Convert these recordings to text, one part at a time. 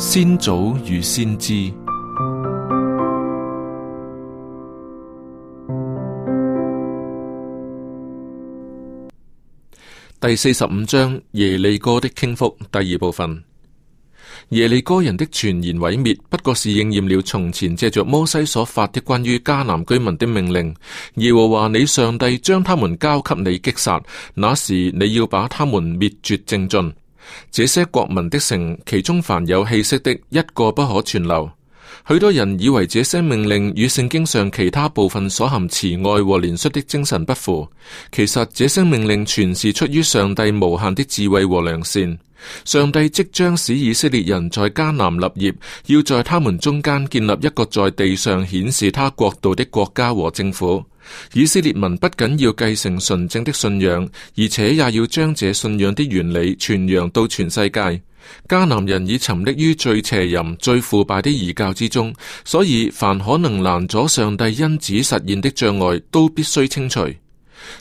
先祖與先知，第四十五章，耶利哥的傾覆，第二部分。耶利哥人的全然毀滅，不過是應驗了從前借着摩西所發的關於迦南居民的命令。耶和華你上帝將他們交給你擊殺，那時你要把他們滅絕淨盡。這些國民的城，其中凡有氣息的一個不可存留。許多人以為這些命令與聖經上其他部分所含慈愛和憐恤的精神不符。其實這些命令全是出於上帝無限的智慧和良善。上帝即將使以色列人在迦南立業，要在他們中間建立一個在地上顯示他國度的國家和政府。以色列民不僅要繼承純正的信仰，而且也要將這信仰的原理傳揚到全世界。迦南人已沉溺於最邪淫、最腐敗的異教之中，所以凡可能攔阻上帝因子實現的障礙，都必須清除。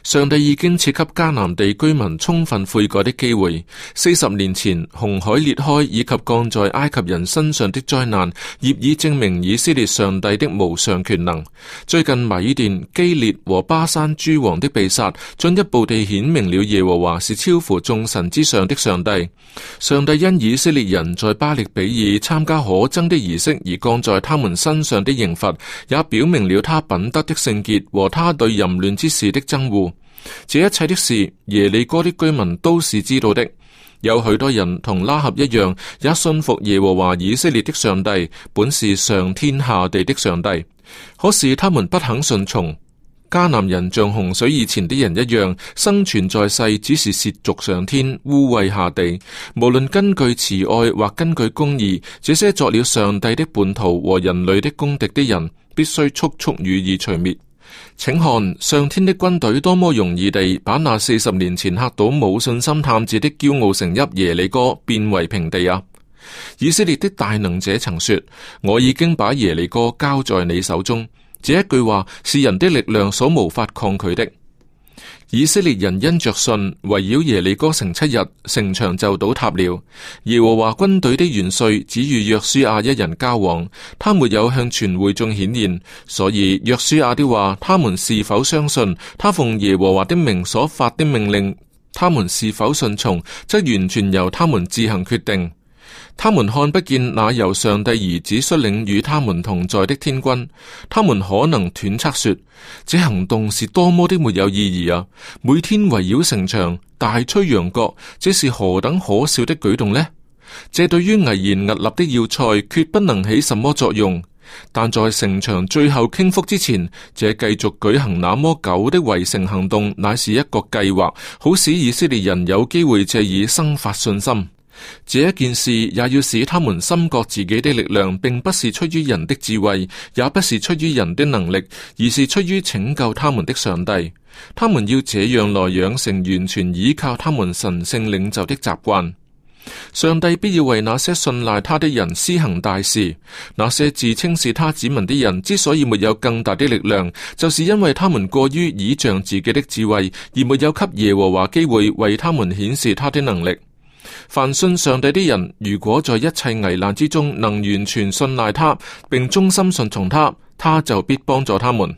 上帝已經賜給迦南地居民充分悔改的機會。四十年前紅海裂開以及降在埃及人身上的災難，業已證明以色列上帝的無上權能。最近米甸、基列和巴山諸王的被殺，進一步地顯明了耶和華是超乎眾神之上的上帝。上帝因以色列人在巴力比爾參加可憎的儀式而降在他們身上的刑罰，也表明了他品德的聖潔和他對淫亂之事的憎。這一切的事，耶利哥的居民都是知道的。有許多人同拉合一樣，也信服耶和華以色列的上帝，本是上天下地的上帝。可是他們不肯順從。迦南人像洪水以前的人一樣，生存在世，只是褻瀆上天，污穢下地。無論根據慈愛或根據公義，這些作了上帝的叛徒和人類的公敵的人，必須速速予以除滅。請看上天的軍隊多麼容易地把那四十年前嚇到冇信心探子的驕傲城邑耶利哥變為平地啊！以色列的大能者曾說：我已經把耶利哥交在你手中。這一句話是人的力量所無法抗拒的。以色列人因着信，圍繞耶利哥城七日，城牆就倒塌了。耶和華軍隊的元帥只與約書亞一人交往，他沒有向全會眾顯現，所以約書亞的話，他們是否相信他奉耶和華的名所發的命令，他們是否信從，則完全由他們自行決定。他們看不見那由上帝兒子率領與他們同在的天軍，他們可能揣測說：這行動是多麼的沒有意義啊！每天圍繞城牆大吹羊角，這是何等可笑的舉動呢？這對於危言屹立的要塞決不能起什麼作用。但在城牆最後傾覆之前，這繼續舉行那麼久的圍城行動乃是一個計劃，好使以色列人有機會借以生發信心。這一件事也要使他們深覺自己的力量並不是出於人的智慧，也不是出於人的能力，而是出於拯救他們的上帝。他們要這樣來養成完全依靠他們神聖領袖的習慣。上帝必要為那些信賴他的人施行大事。那些自稱是他子民的人之所以沒有更大的力量，就是因為他們過於倚仗自己的智慧，而沒有給耶和華機會為他們顯示他的能力。凡信上帝的人，如果在一切危難之中能完全信賴他，並衷心信從他，他就必幫助他們。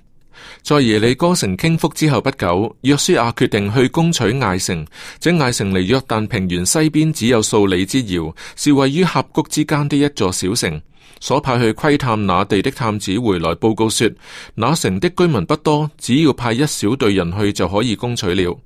在耶利哥城傾覆之後不久，約書亞決定去攻取艾城。這艾城離約旦平原西邊只有數里之遙，是位於峽谷之間的一座小城。所派去窺探那地的探子回來報告說，那城的居民不多，只要派一小隊人去就可以攻取了。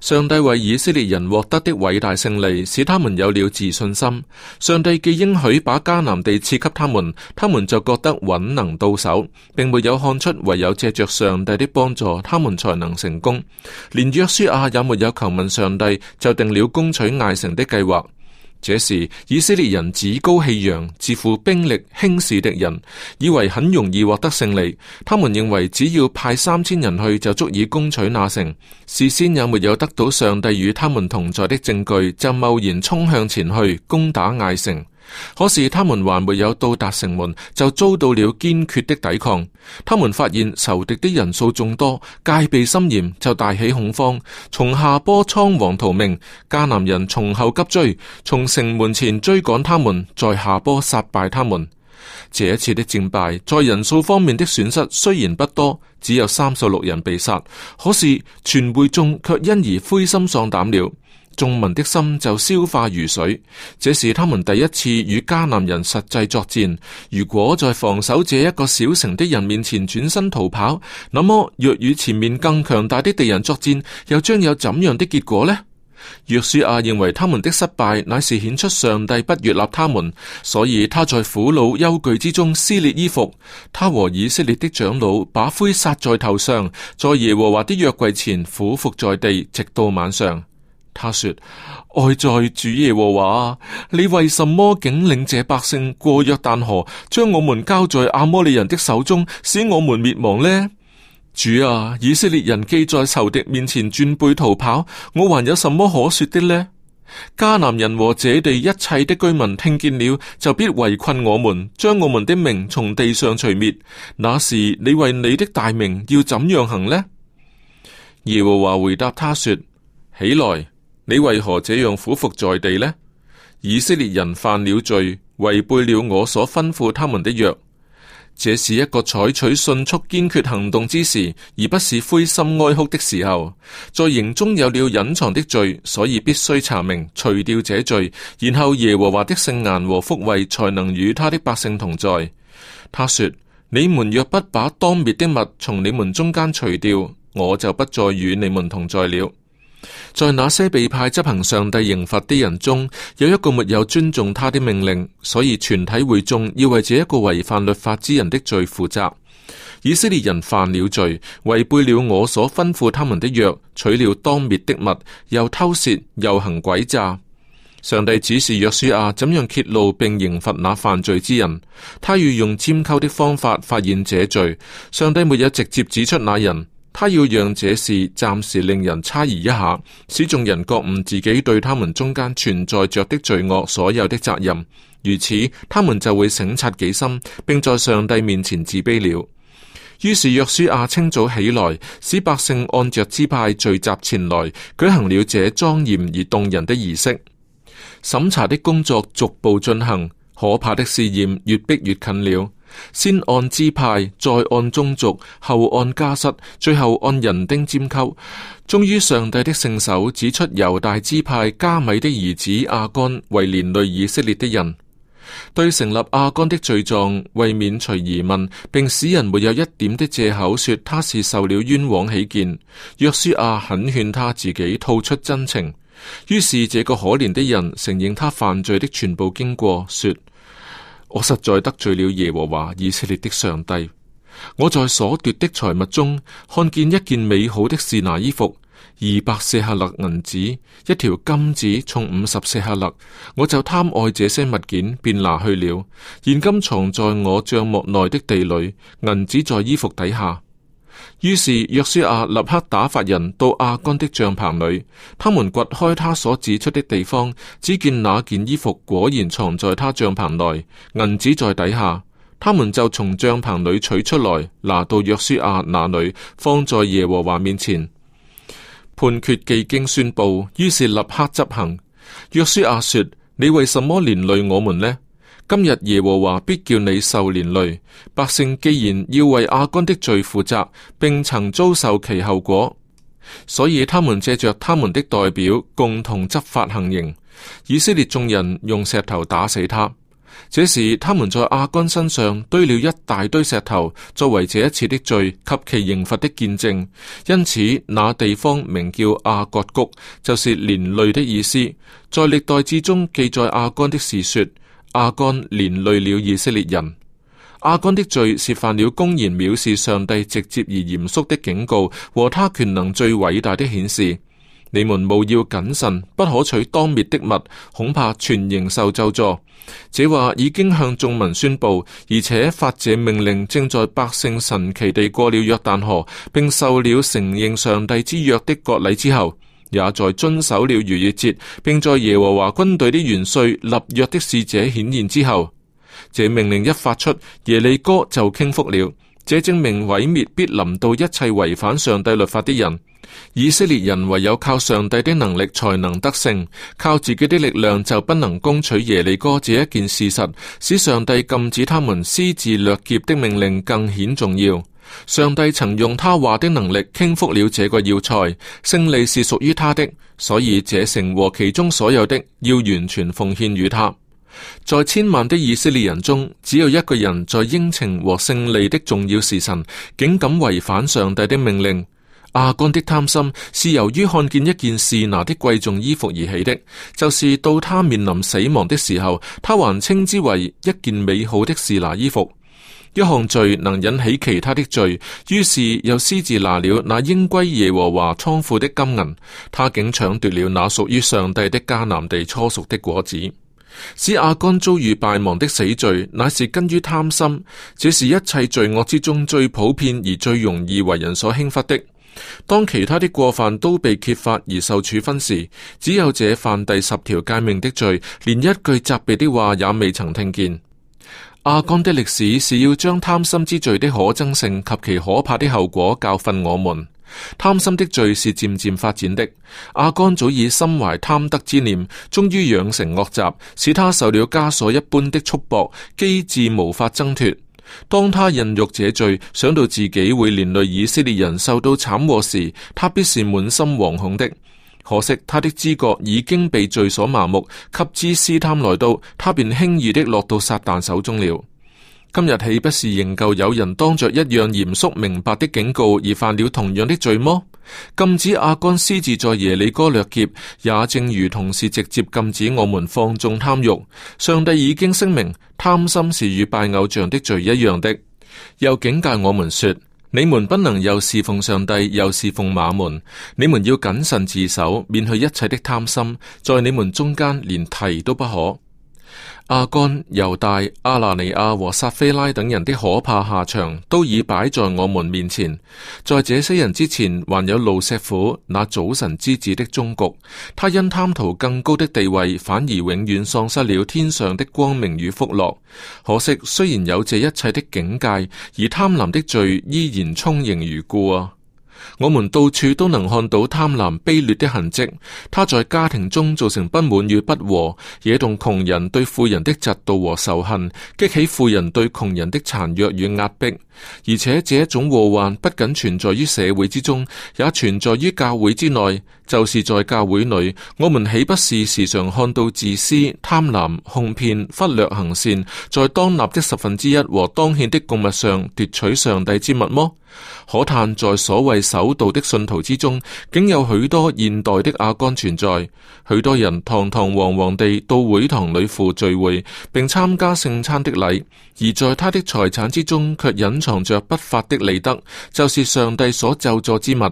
上帝為以色列人獲得的偉大勝利，使他們有了自信心。上帝既應許把迦南地賜給他們，他們就覺得穩能到手，並沒有看出唯有借着上帝的幫助，他們才能成功。連約書亞、啊、也沒有求問上帝，就定了攻取艾城的計劃。這時，以色列人趾高氣揚、自負兵力、輕視敵人，以為很容易獲得勝利。他們認為只要派三千人去就足以攻取那城，事先也沒有得到上帝與他們同在的證據，就貿然衝向前去攻打艾城。可是他們還沒有到達城門，就遭到了堅決的抵抗。他們發現仇敵的人數眾多，戒備森嚴，就大起恐慌，從下坡倉皇逃命。迦南人從後急追，從城門前追趕他們，在下坡殺敗他們。這一次的戰敗，在人數方面的損失雖然不多，只有三十六人被殺，可是全會眾卻因而灰心喪膽了。眾民的心就消化如水。這是他們第一次與迦南人實際作戰。如果在防守這一個小城的人面前轉身逃跑，那麽若與前面更強大的敵人作戰，又將有怎樣的結果呢？約書亞認為他們的失敗乃是顯出上帝不悅納他們，所以他在苦惱憂懼之中撕裂衣服。他和以色列的長老把灰撒在頭上，在耶和華的約櫃前俯伏在地，直到晚上。他說：愛在主耶和華啊，你為什麼竟領這百姓過約旦河，將我們交在阿摩利人的手中，使我們滅亡呢？主啊，以色列人既在仇敵面前轉背逃跑，我還有什麼可說的呢？迦南人和這地一切的居民聽見了，就必圍困我們，將我們的名從地上除滅。那時，你為你的大名要怎樣行呢？耶和華回答他說：起來。你為何這樣俯伏在地呢？以色列人犯了罪，違背了我所吩咐他們的約。這是一個採取迅速堅決行動之時，而不是灰心哀哭的時候。在營中有了隱藏的罪，所以必須查明、除掉這罪，然後耶和華的聖顏和福惠才能與他的百姓同在。他說：你們若不把當滅的物從你們中間除掉，我就不再與你們同在了。在那些被派執行上帝刑罰的人中，有一個沒有尊重他的命令，所以全體會眾要為這一個違反律法之人的罪負責。以色列人犯了罪，違背了我所吩咐他們的約，取了當滅的物，又偷竊又行詭詐。上帝指示約書亞怎樣揭露並刑罰那犯罪之人，他欲用拈鬮的方法發現這罪。上帝沒有直接指出那人。他要讓這事暫時令人猜疑一下，使眾人覺悟自己對他們中間存在着的罪惡所有的責任。如此，他們就會省察己心，並在上帝面前自卑了。於是，約書亞清早起來，使百姓按着支派聚集前來，舉行了這莊嚴而動人的儀式。審查的工作逐步進行，可怕的試驗越逼越近了。先按支派，再按宗族，後按家室，最後按人丁拈鬮。終於上帝的聖手指出猶大支派迦米的兒子亞干為連累以色列的人。對成立亞干的罪狀，為免除疑問，並使人沒有一點的借口說他是受了冤枉起見，約書亞懇勸他自己吐出真情。於是這個可憐的人承認他犯罪的全部經過，說。我實在得罪了耶和華以色列的上帝。我在所奪的財物中看見一件美好的示拿衣服二百舍客勒銀子一條金子重五十舍客勒，我就貪愛這些物件，便拿去了。現今藏在我帳幕內的地裏，銀子在衣服底下。於是約書亞、啊、立刻打發人到亞干的帳棚裏，他們掘開他所指出的地方，只見那件衣服果然藏在他帳棚內，銀子在底下，他們就從帳棚裏取出來，拿到約書亞、啊、那裏，放在耶和華面前，判決既經宣佈，於是立刻執行。約書亞、啊、說：你為什麼連累我們呢？今日耶和華必叫你受連累。百姓既然要為亞干的罪負責，並曾遭受其後果，所以他們借着他們的代表共同執法行刑。以色列眾人用石頭打死他。這時，他們在亞干身上堆了一大堆石頭，作為這一次的罪及其刑罰的見證。因此，那地方名叫亞割谷，就是連累的意思。在歷代志中記載亞干的事說。阿干連累了以色列人。阿干的罪是犯了公然藐視上帝直接而嚴肅的警告和他權能最偉大的顯示。你們務要謹慎，不可取當滅的物，恐怕全營受咒詛。這話已經向眾民宣布，而且發這命令正在百姓神奇地過了約旦河，並受了承認上帝之約的割禮之後。也在遵守了逾越節，並在耶和華軍隊的元帥立約的使者顯現之後，這命令一發出，耶利哥就傾覆了。這證明毀滅必臨到一切違反上帝律法的人。以色列人唯有靠上帝的能力才能得勝，靠自己的力量就不能攻取耶利哥。這一件事實使上帝禁止他們私自掠劫的命令更顯重要。上帝曾用他話的能力傾覆了這個要塞，勝利是屬於他的，所以這城和其中所有的要完全奉獻於他。在千萬的以色列人中，只有一個人在應情和勝利的重要時辰，竟敢違反上帝的命令。亞干的貪心是由於看見一件示拿的貴重衣服而起的，就是到他面臨死亡的時候，他還稱之為一件美好的示拿衣服。一項罪能引起其他的罪，於是又私自拿了那應歸耶和華倉庫的金銀，他竟搶奪了那屬於上帝的迦南地初熟的果子，使亞干遭遇敗亡的死罪，乃是根於貪心。這是一切罪惡之中最普遍而最容易為人所輕忽的。當其他的過犯都被揭發而受處分時，只有這犯第十條誡命的罪，連一句責備的話也未曾聽見。亞干的歷史是要將貪心之罪的可憎性及其可怕的後果教訓我們。貪心的罪是漸漸發展的，亞干早已心懷貪得之念，終於養成惡習，使他受了枷鎖一般的束縛，機智無法掙脫。當他孕育這罪，想到自己會連累以色列人受到慘禍時，他必是滿心惶恐的。可惜他的知覺已經被罪所麻木，及之私貪來到，他便輕易地落到撒旦手中了。今日豈不是仍舊有人當着一樣嚴肅明白的警告而犯了同樣的罪麼？禁止阿干私自在耶利哥掠劫，也正如同是直接禁止我們放縱貪慾。上帝已經聲明，貪心是與拜偶像的罪一樣的，又警戒我們說。你們不能又侍奉上帝，又侍奉瑪門。你們要謹慎自守，免去一切的貪心，在你們中間連提都不可。阿干、猶大、阿拿尼亞和撒菲拉等人的可怕下場，都已擺在我們面前。在這些人之前，還有路錫甫那早晨之子的終局。他因貪圖更高的地位，反而永遠喪失了天上的光明與福樂。可惜，雖然有這一切的警戒，而貪婪的罪依然充盈如故啊！我們到處都能看到貪婪卑劣的痕跡，他在家庭中造成不滿與不和，惹動窮人對富人的嫉妒和仇恨，激起富人對窮人的殘虐與壓迫。而且這種禍患不僅存在於社會之中，也存在於教會之內。就是在教會裏，我們豈不是時常看到自私、貪婪、哄騙、忽略行善，在當納的十分之一和當獻的供物上奪取上帝之物麼？可嘆，在所謂守道的信徒之中，竟有許多現代的亞干存在。許多人堂堂皇皇地到會堂裏赴聚會，並參加聖餐的禮，而在他的財產之中，却隱藏着不法的利得，就是上帝所咒詛之物。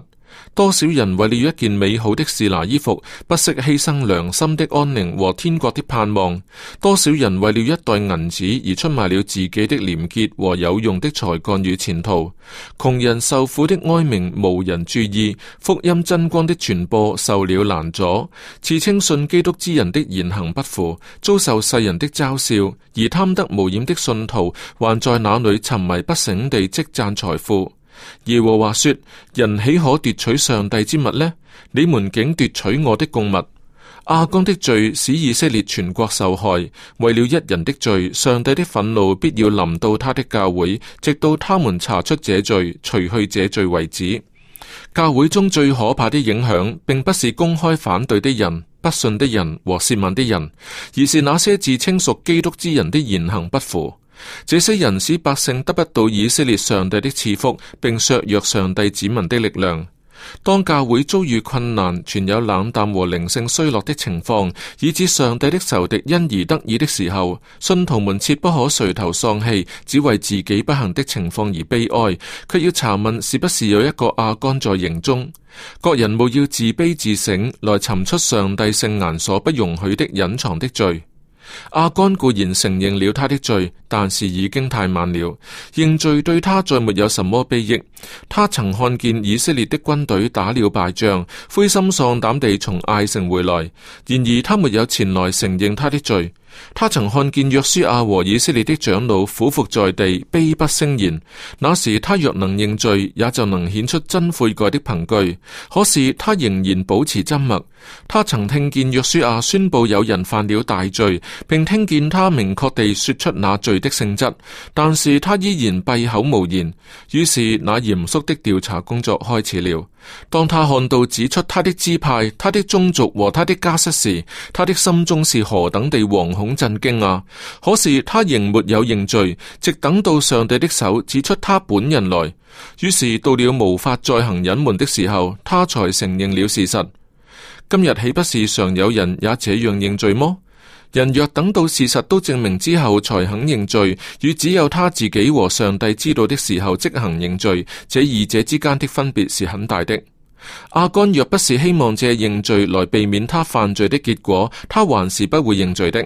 多少人為了一件美好的事拿衣服，不惜犧牲良心的安寧和天國的盼望？多少人為了一袋銀子而出賣了自己的廉潔和有用的才幹與前途？窮人受苦的哀鳴無人注意，福音真光的傳播受了難阻，自稱信基督之人的言行不符，遭受世人的嘲笑，而貪得無厭的信徒還在那裏沉迷不醒地積攢財富。耶和華說：人豈可奪取上帝之物呢？你們竟奪取我的供物。亞干的罪使以色列全國受害，為了一人的罪，上帝的憤怒必要臨到他的教會，直到他們查出這罪，除去這罪為止。教會中最可怕的影響，並不是公開反對的人、不信的人和褻慢的人，而是那些自稱屬基督之人的言行不符。這些人使百姓得不到以色列上帝的賜福，並削弱上帝子民的力量。當教會遭遇困難、存有冷淡和靈性衰落的情況，以致上帝的仇敵因而得意的時候，信徒們切不可垂頭喪氣，只為自己不幸的情況而悲哀，却要查問是不是有一個亞干在營中。各人務要自卑自省，來尋出上帝聖言所不容許的隱藏的罪。阿干固然承認了他的罪，但是已經太晚了。認罪對他再沒有什麼裨益。他曾看見以色列的軍隊打了敗仗，灰心喪膽地從艾城回來，然而他沒有前來承認他的罪。他曾看見約書亞和以色列的長老俯伏在地，悲不聲言。那時他若能認罪，也就能顯出真悔改的憑據。可是他仍然保持緘默。他曾聽見約書亞宣布有人犯了大罪，並聽見他明確地說出那罪的性質，但是他依然閉口無言。於是那嚴肅的調查工作開始了。當他看到指出他的支派、他的宗族和他的家室時，他的心中是何等地惶恐震驚啊！可是他仍沒有認罪，直等到上帝的手指出他本人來。於是到了無法再行隱瞞的時候，他才承認了事實。今日豈不是常有人也這樣認罪麼？人若等到事實都證明之後才肯認罪，與只有他自己和上帝知道的時候即行認罪，這二者之間的分別是很大的。亞干若不是希望借認罪來避免他犯罪的結果，他還是不會認罪的。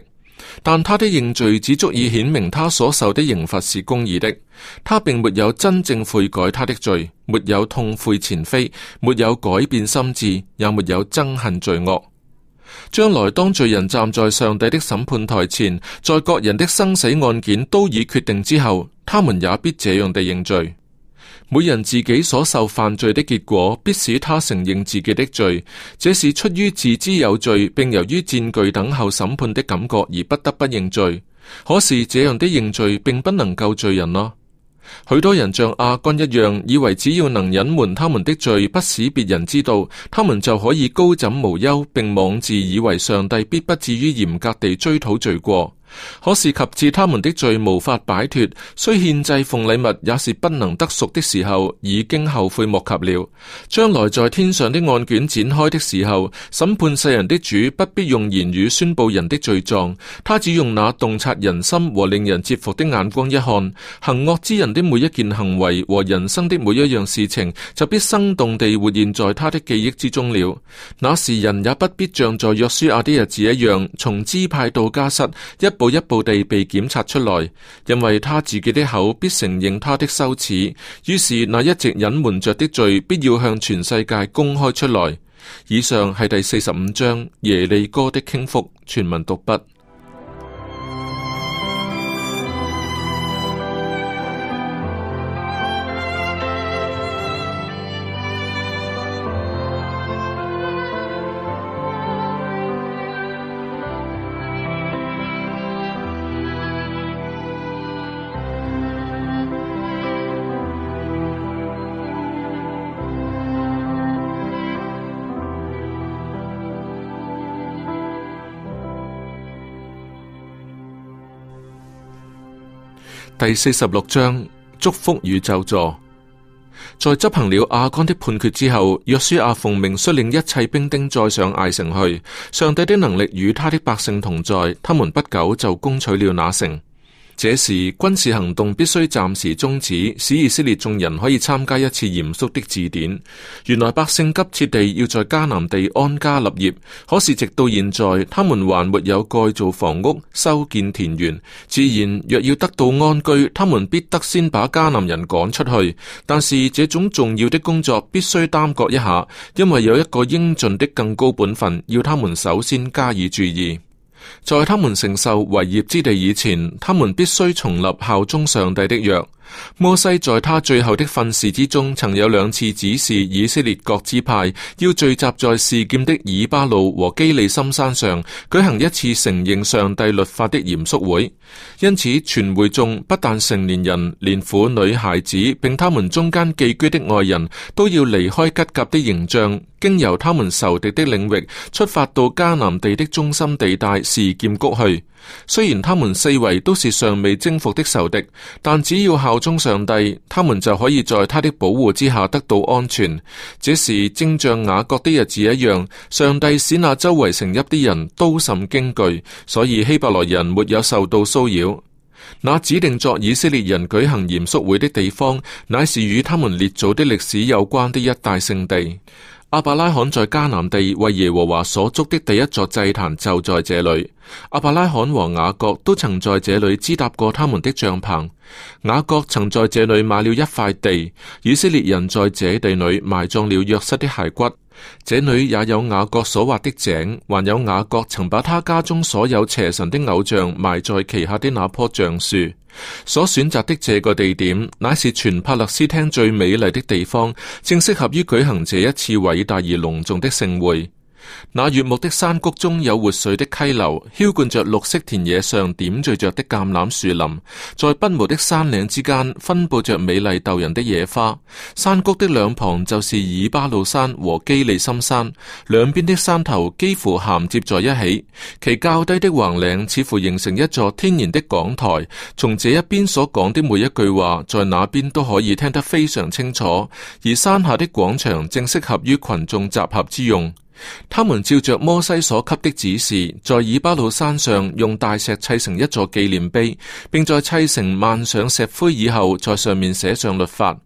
但他的認罪只足以顯明他所受的刑罰是公義的。他並沒有真正悔改他的罪，沒有痛悔前非，沒有改變心智，也沒有憎恨罪惡。將來當罪人站在上帝的審判臺前，在各人的生死案件都已決定之後，他們也必這樣地認罪。每人自己所受犯罪的結果，必使他承認自己的罪。這是出於自知有罪，並由於戰懼等候審判的感覺而不得不認罪。可是這樣的認罪，並不能夠罪人咯。許多人像阿君一樣，以為只要能隱瞞他們的罪，不使別人知道，他們就可以高枕無憂，並妄自以為上帝必不至於嚴格地追討罪過。可是及至他們的罪無法擺脫，雖獻祭奉禮物也是不能得贖的時候，已經後悔莫及了。將來在天上的案卷展開的時候，審判世人的主不必用言語宣布人的罪狀，他只用那洞察人心和令人折服的眼光一看，行惡之人的每一件行為和人生的每一樣事情，就必生動地活現在他的記憶之中了。那時人也不必像在約書亞的日子一樣，從支派到家室一。步一步地被檢察出來，因為他自己的口必承認他的羞恥，於是那一直隱瞞着的罪必要向全世界公開出來。以上係第四十五章耶利哥的傾覆，全文讀畢。.第四十六章祝福與咒詛，在執行了亞干的判決之後，約書亞奉命率領一切兵丁再上艾城去。上帝的能力與他的百姓同在，他們不久就攻取了那城。這時軍事行動必須暫時終止，使以色列眾人可以參加一次嚴肅的字典。原來百姓急切地要在迦南地安家立業，可是直到現在，他們還沒有蓋造房屋、修建田園。自然，若要得到安居，他們必得先把迦南人趕出去。但是這種重要的工作必須耽擱一下，因為有一個應盡的更高本分要他們首先加以注意。在他們承受為業之地以前，他們必須重立效忠上帝的約。摩西在他最後的訓示之中，曾有兩次指示以色列各支派要聚集在士劍的以巴路和基利心山上舉行一次承認上帝律法的嚴肅會。因此，全會眾不但成年人，連婦女孩子，並他們中間寄居的外人都要離開吉甲的營帳，經由他們仇敵的領域，出發到迦南地的中心地帶士劍谷去。雖然他們四圍都是尚未征服的仇敵，但只要效中上帝，他們就可以在他的保護之下得到安全。這是正像雅各的日子一樣，上帝使那周圍城邑的人都甚驚懼，所以希伯來人沒有受到騷擾。那指定作以色列人舉行嚴肅會的地方，乃是與他們列祖的歷史有關的一大聖地。亞伯拉罕在迦南地為耶和華所築的第一座祭壇就在這裏。亞伯拉罕和雅各都曾在這裏支搭過他們的帳篷。雅各曾在這裏買了一塊地，以色列人在這地裏埋葬了約瑟的骸骨。這裏也有雅各所挖的井，還有雅各曾把他家中所有邪神的偶像埋在其下的那棵橡樹。所選擇的這個地點，乃是全帕勒斯廳最美麗的地方，正適合於舉行這一次偉大而隆重的盛會。那悅目的山谷中有活水的溪流，澆灌着綠色田野上點綴着的橄欖樹林。在奔毛的山嶺之間分布着美麗逗人的野花。山谷的兩旁就是以巴魯山和基利森山，兩邊的山頭幾乎銜接在一起。其較低的橫嶺似乎形成一座天然的講台。從這一邊所講的每一句話，在那邊都可以聽得非常清楚。而山下的廣場正適合於群眾集合之用。他們照着摩西所給的指示，在以巴路山上用大石砌成一座紀念碑，並在砌成漫上石灰以後，在上面寫上律法。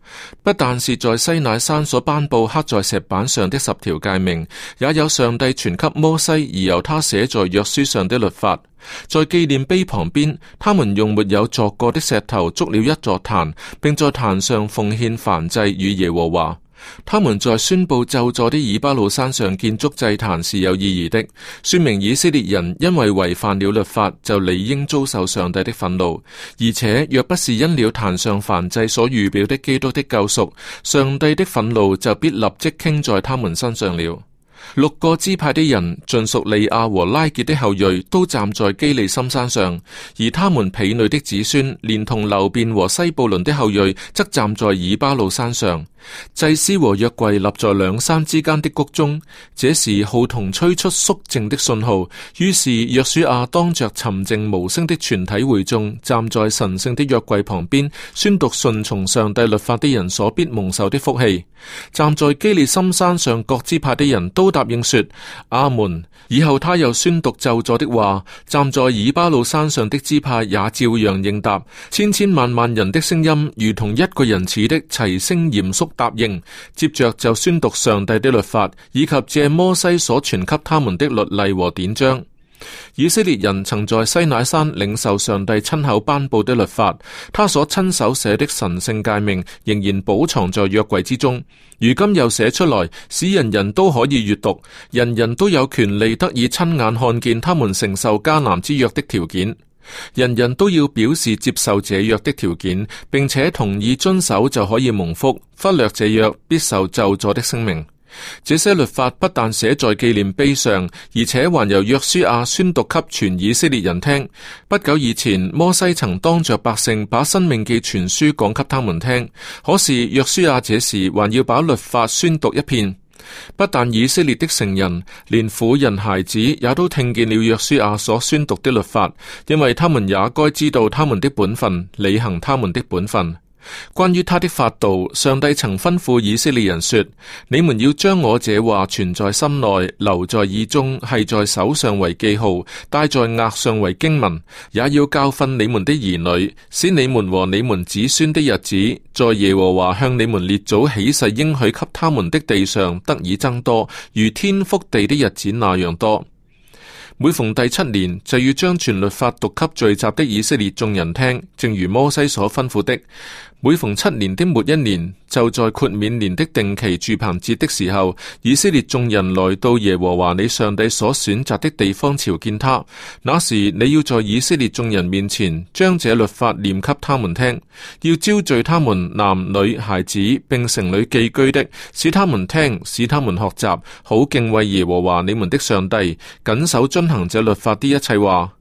不但是在西乃山所頒布刻在石板上的十條誡命，也有上帝傳給摩西而由他寫在約書上的律法。在紀念碑旁邊，他們用沒有鑿過的石頭築了一座壇，並在壇上奉獻燔祭與耶和華。他們在宣布就座的以巴路山上建築祭壇是有意義的，說明以色列人因為違反了律法，就理應遭受上帝的憤怒。而且若不是因了壇上燔祭所預表的基督的救贖，上帝的憤怒就必立即傾在他們身上了。六個支派的人盡屬利亞和拉結的後裔，都站在基利心山上，而他們婢女的子孫連同流便和西布倫的後裔，則站在以巴路山上。祭司和約櫃立在兩山之間的谷中，這時號筒吹出肅靜的信號。於是約書亞當着沉靜無聲的全體會眾，站在神聖的約櫃旁邊，宣讀順從上帝律法的人所必蒙受的福氣。站在基利心山上各支派的人都答應說：阿門。以後他又宣讀咒詛的話，站在以巴路山上的支派也照樣應答。千千萬萬人的聲音如同一個人似的齊聲嚴肅，答應，接着就宣讀上帝的律法，以及借摩西所傳給他們的律例和典章。以色列人曾在西乃山領受上帝親口頒布的律法，他所親手寫的神聖誡命仍然保藏在約櫃之中。如今又寫出來，使人人都可以閱讀，人人都有權利得以親眼看見他們承受迦南之約的條件。人人都要表示接受這約的條件，並且同意遵守就可以蒙福；忽略這約必受咒詛的聲明。這些律法不但寫在紀念碑上，而且還由約書亞、啊、宣讀給全以色列人聽。不久以前，摩西曾當着百姓把申命記全書講給他們聽，可是約書亞、啊、這時還要把律法宣讀一遍。不但以色列的成人，連婦人、孩子也都聽見了約書亞所宣讀的律法，因為他們也該知道他們的本分，履行他們的本分。關於他的法度，上帝曾吩咐以色列人說：你們要將我這話存在心內，留在耳中，繫在手上為記號，戴在額上為經文，也要教訓你們的兒女，使你們和你們子孫的日子，在耶和華向你們列祖起誓應許給他們的地上得以增多，如天覆地的日子那樣多。每逢第七年，就要將全律法讀給聚集的以色列眾人聽，正如摩西所吩咐的。每逢七年的末一年，就在豁免年的定期住棚節的時候，以色列眾人來到耶和華你上帝所選擇的地方朝見他。那時你要在以色列眾人面前將這律法念給他們聽，要招聚他們男女孩子，並城裏寄居的，使他們聽，使他們學習，好敬畏耶和華你們的上帝，謹守遵行這律法的一切話。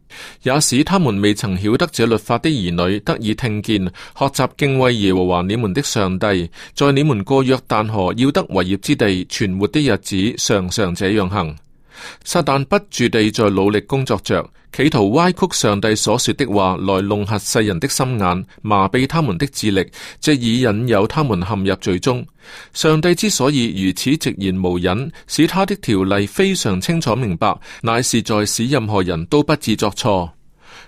也使他們未曾曉得這律法的兒女得以聽見、學習敬畏耶和華你們的上帝，在你們過約旦河要得為業之地存活的日子，常常這樣行。撒旦不住地在努力工作着，企圖歪曲上帝所說的話，來弄吓世人的心眼，麻痹他們的智力，藉以引誘他們陷入罪中。上帝之所以如此直言無隱，使他的條例非常清楚明白，乃是在使任何人都不自作錯。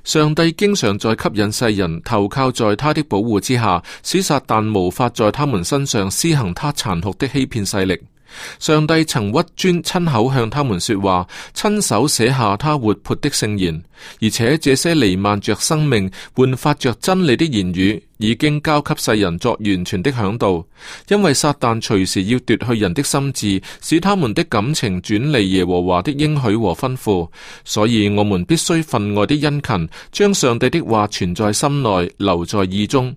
上帝經常在吸引世人投靠在他的保護之下，使撒旦無法在他們身上施行他殘酷的欺騙勢力。上帝曾屈尊親口向他們說話，親手寫下他活潑的聖言，而且這些彌漫着生命、煥發着真理的言語，已經交給世人作完全的嚮導。因為撒旦隨時要奪去人的心智，使他們的感情轉離耶和華的應許和吩咐，所以我們必須分外的殷勤，將上帝的話存在心內，留在意中。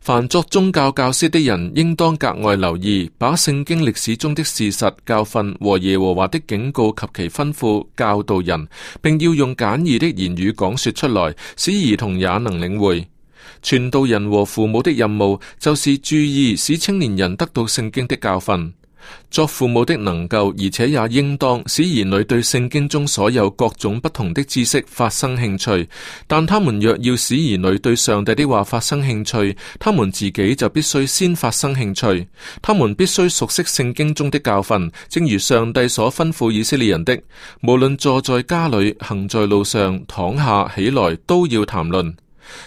凡作宗教教師的人，應當格外留意，把聖經歷史中的事實、教訓和耶和華的警告及其吩咐教導人，並要用簡易的言語講說出來，使兒童也能領會。傳道人和父母的任務，就是注意使青年人得到聖經的教訓。作父母的能夠，而且也應當使兒女對聖經中所有各種不同的知識發生興趣。但他們若要使兒女對上帝的話發生興趣，他們自己就必須先發生興趣。他們必須熟悉聖經中的教訓，正如上帝所吩咐以色列人的：無論坐在家裏、行在路上、躺下起來，都要談論。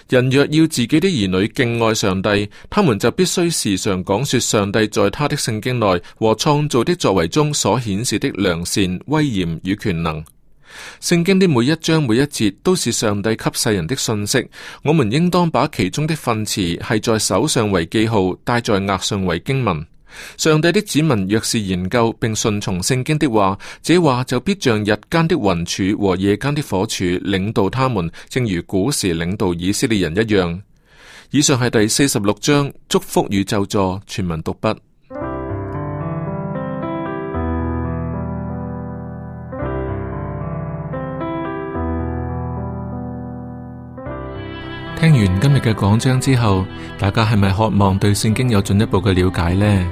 人若要自己的兒女敬愛上帝，他們就必須時常講說上帝在他的聖經內和創造的作為中所顯示的良善、威嚴與權能。聖經的每一章每一節都是上帝給世人的信息，我們應當把其中的訓詞繫在手上為記號，戴在額上為經文。上帝的子民若是研究並順從聖經的話，這話就必像日間的雲柱和夜間的火柱，領導他們，正如古時領導以色列人一樣。以上係第四十六章祝福與咒詛，全文讀畢。聽完今日嘅講章之後，大家係咪渴望對聖經有進一步嘅了解呢？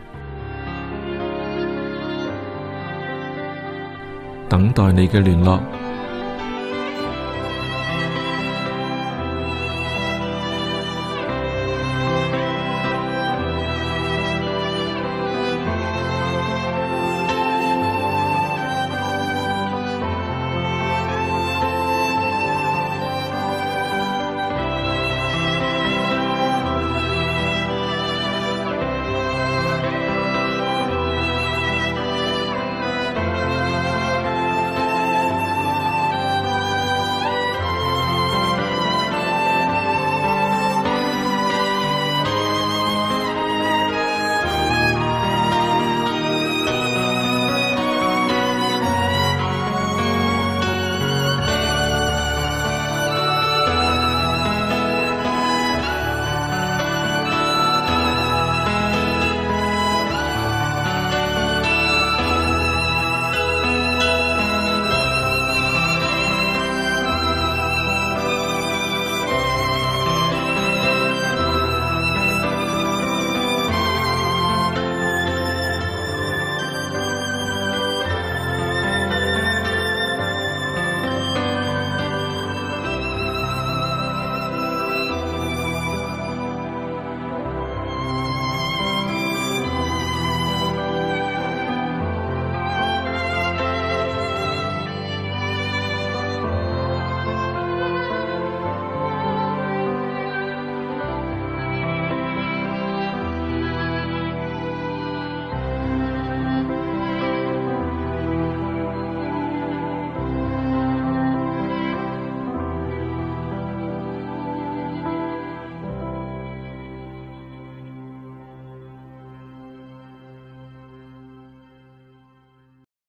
等待你嘅聯絡。